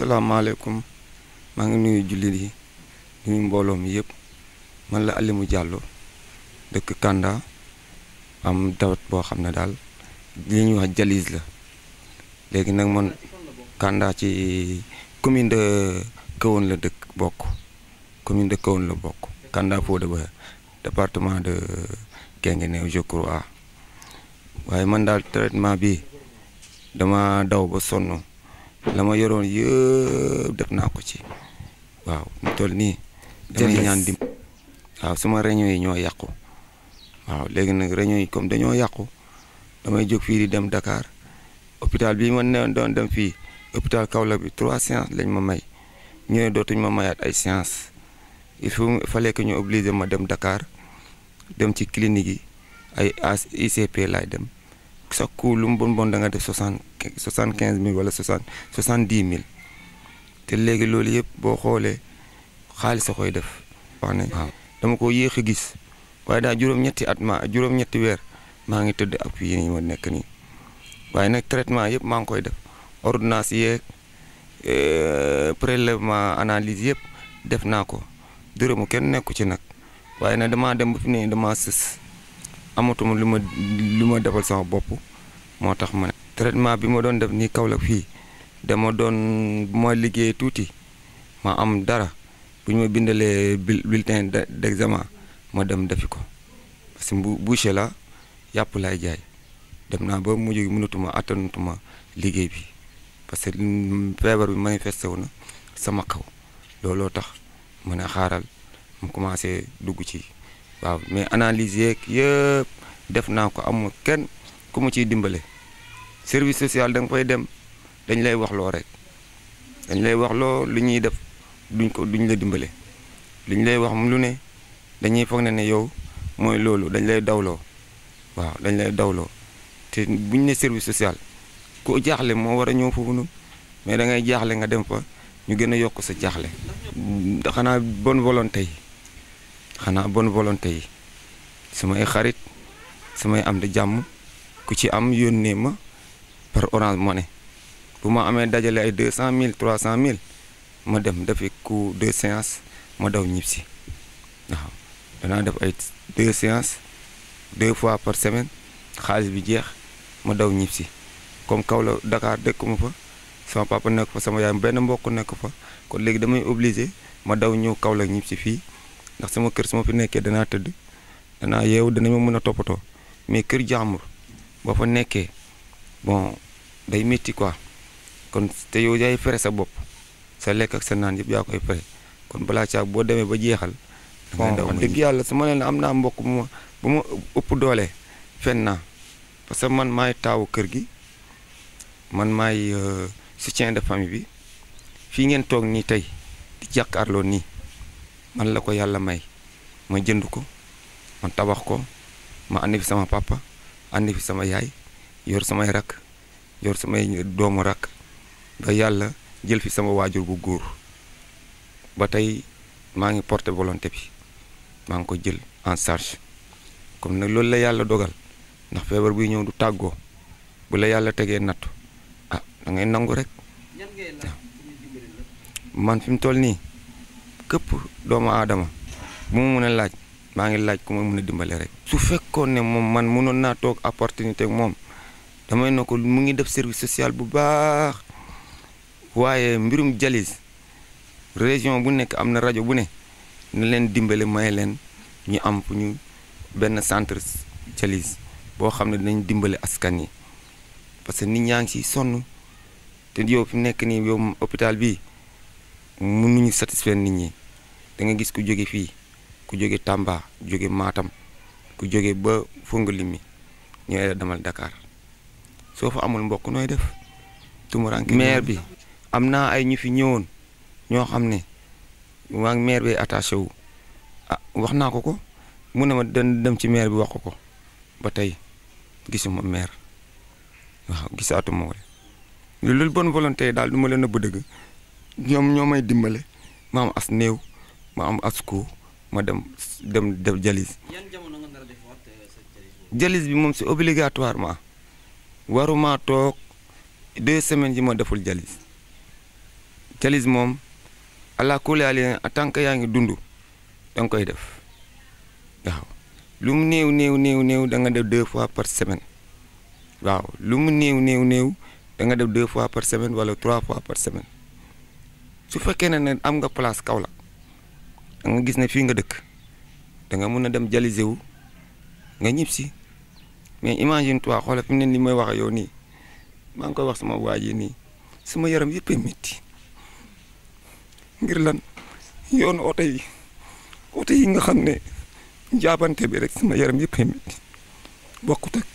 salaamaaleykum maa ngi nuyu jullit yi nuyu mbooloo mi yëpp man la allimu Diallo dëkk Kanda am tawat boo xam ne daal li ñuy wax jalis la léegi nag man Kanda ci commune de Kahone la dëkk bokk commune de la bokk Kanda Fodé Ba département de Guinguinéo je crois waaye man daal traitement bi dama daw ba sonn. la ma yoroon yëpp def naa ko ci waaw mu toll nii. damay ñaan di waaw suma réunion yi ñoo yàqu. waaw léegi nag réunion yi comme dañoo yàqu damay jóg fii di dem dakaar hôpital bii mën na doon dem fii hôpital Kaolack bi trois séances lañ ma may ñu dootuñu ma mayaat ay séances il faut fa lekk ñu obligé ma dem dakaar dem ci clinique yi ay ICP laay dem. sa coût lu mu bon bon da nga def soixante soixante quinze mille wala soixante soixante dix mille te léegi loolu yëpp boo xoolee xaalis a koy def. wax ne dama ko yéex a gis waaye daal juróom-ñetti at weer maa ngi tëdd ak yi ma nekk nii waaye nag traitement yëpp maa ngi koy def ordonnance yeeg euh, prélèvement analyse yëpp def naa ko dërëmu kenn nekku ci nag waaye nag damaa dem ba fi ne damaa sës. amatuma lu ma lu ma defal sama bopp moo tax ma ne traitement bi ma doon def nii Kaolack fii dama doon bu ma liggéeyee tuuti ma am dara bu ñu ma bindalee bulletin d'examen ma dem defi ko parce bu boucher la yàpp laay jaay dem naa ba mujj mënatuma attanatuma liggéey bi parce que feebar bi manifesté wu na sama kaw looloo tax mën a xaaral mu commencé dugg ci waaw mais analyse yeeg yëpp def naa ko amul kenn ku mu ciy dimbale service sociale da nga fay dem dañ lay wax loo rek dañ lay wax loo lu ñuy def duñ ko duñ la dimbale lu ñu lay wax lu ne dañuy foog ne ne yow mooy loolu dañ lay dawloo waaw dañ lay dawloo te buñ ne service social ku jaaxle moo war a ñëw foofu noonu mais da ngay jaaxle nga dem fa ñu gën a yokk sa jaaxle xanaa bon volonté yi xanaa bon volonté yi samay xarit samay am di jàmm ku ci am yónnee ma par Orange Money bu ma amee dajale ay deux cent mille trois cent mille ma dem defi ku deux séances ma daw ñib si waaw def ay deux séances fois par semaine xaalis bi jeex ma daw ñib si comme kaw la Dakar dëkkuma fa sama papa nekk fa sama yaay benn mbokk nekk fa kon léegi damay obligé ma daw ñëw kaw la ñib si fii ndax sama kër sama fi nekkee danaa tëdd danaa yeewu danañ ma mën a toppatoo mais kër jàmbur boo fa nekkee bon day métti quoi kon te yow yaay fere sa bopp sa lekk ak sa naan yëpp yaa koy fere kon balaa caa boo demee ba jeexal. bon wax dëgg yàlla su ma leen am naa mbokk bu ma bu ma ëpp doole fen naa parce que man maay taawu kër gi man maay euh, soutien de famille bi fii ngeen toog nii tey di jàkkaarloo nii. man la ko yàlla may ma jënd ko ma tabax ko ma andi fi sama papa andi fi sama yaay yor samay rakk yor samay doomu rakk ba yàlla jël fi sama waajur bu góor ba tey maa ngi porté volonté bi maa ngi ko jël en charge comme nag loolu la yàlla dogal ndax feebar buy ñëw du tàggoo bu la yàlla tegee nattu ah da ngay nangu rek man fi mu toll nii Kepu doomu ma bu mu mën laaj maa ngi laaj ku ma mën a dimbale rek su fekkoon ne moom man mënoon naa toog opportunité moom damay na ko mu ngi def service social bu baax waaye mbirum jalis région bu nekk am na rajo bu ne na leen dimbale may leen ñu am fu ñu benn centre jalis boo xam ne dinañ dimbale askan yi parce que nit ñaa ngi sonu sonn te yow fi nekk yow hôpital bi mënuñu satisfaire nit ñi da nga gis ku joge fi ku joge Tamba joge Matam ku joge ba fungulimi ñoy damal Dakar Sofa fa amul mbokk noy def rank maire bi amna ay ñu fi ñëwoon ño xamne wa waa maire bi attaché wu ah wax ko ko mu ne ma dem ci maire bi wax ko ba tay gisuma maire gisatu mo le loolu bon volonté dal duma ma leen deug ñom ñomay dimbalé mam as neew ma am asku ma dem dem def jalis jalis bi moom c'est obligatoirement waruma toog deux semaines yi ma deful jalis jalis moom ala kulli en tant que yaa ngi dund da koy def waaw lu mu néew néew néew néew da nga def deux fois par semaine waaw lu mu néew néew néew danga def deux fois par semaine wala trois fois par semaine su fekkee ne am nga place Kaolack nga gis ne fii nga dëkk da nga mun a dem jalisé wu nga ñib si mais imagine toi xoolal fi mu ne li may wax yow nii maa ngi koy wax sama waa ji nii sama yaram yëppee métti ngir lan yoon oto yi oto yi nga xam ne jaabante bi rek sama yaram yëppee métti bokkut ak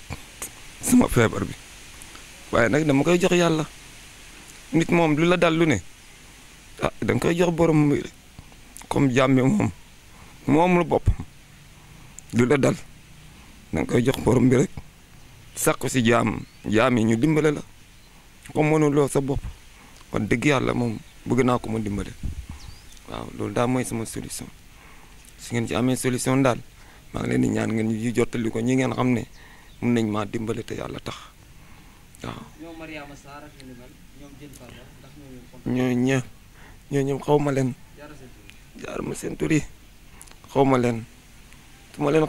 sama feebar bi waaye nag dama koy jox yàlla nit moom lu dal lu ne ah danga koy jox borom rek comme jàmm mom mom lu boppam du la dal nang koy jox borom bi rek sàkku ci jam jammi ñu dimbalé la comme lo sa bop kon dëgg yalla mom bëgg na ko mu dimbalé waaw lool da moy sama solution su ngeen ci amé solution dal ma ngi leen di ñaan ngeen yu jotali ko ñi ngeen xamné mën nañ ma dimbalé te yalla tax waaw. ñoo Mariama ñu ak ñoom jël fa ndax ñoo ñoo xaw xawma leen. jaar ma seen tur yi xaw ma leen ma dem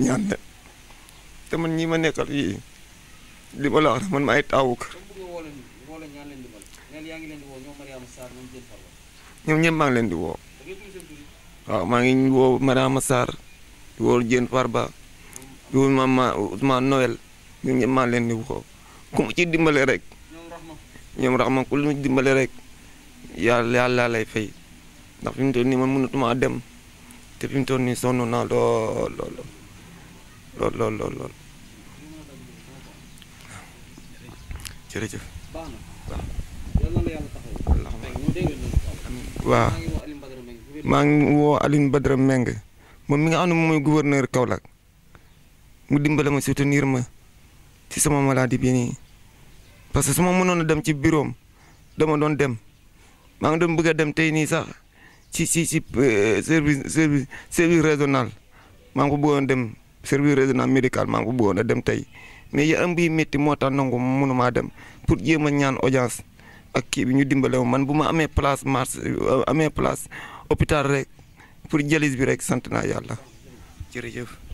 ñaan leen te man ñi ma nekkal yii li ma la wax man maay taawu kër ñoom ñëpp maa leen di woo waaw maa ngi woo Mariama Sarr di woo Diène Farba di woo Mama Ousmane Noël ñoom ñëpp leen di woo ku mu dimbale rek ñoom rax ma ku lu dimbale rek yàlla yàlla lay fay Dar printr-un nimeni mult mă adem. Te printr-un ni sonul na lo lo lo. Lo lo lo lo. jërëjëf waaw maa ngi woo Alioune Badara Meng mo mi nga anu moy gouverneur Kaolack mu dimbalé ma soutenir ma ci sama maladie bi ni parce que sama ma dem ci bureau dama don dem Ma ngi bëgg dem tay ni sax ci ci ci euh, service service service régional maa bëggoon dem service régional médical maa ngi ko bëggoon a dem tey mais yaram bi métti moo tax nangu mënumaa dem pour jéem a ñaan audience ak kii bi ñu dimbale man bu ma amee place mars amee place hôpital rek pour dialyse bi rek sant naa yàlla jërëjëf.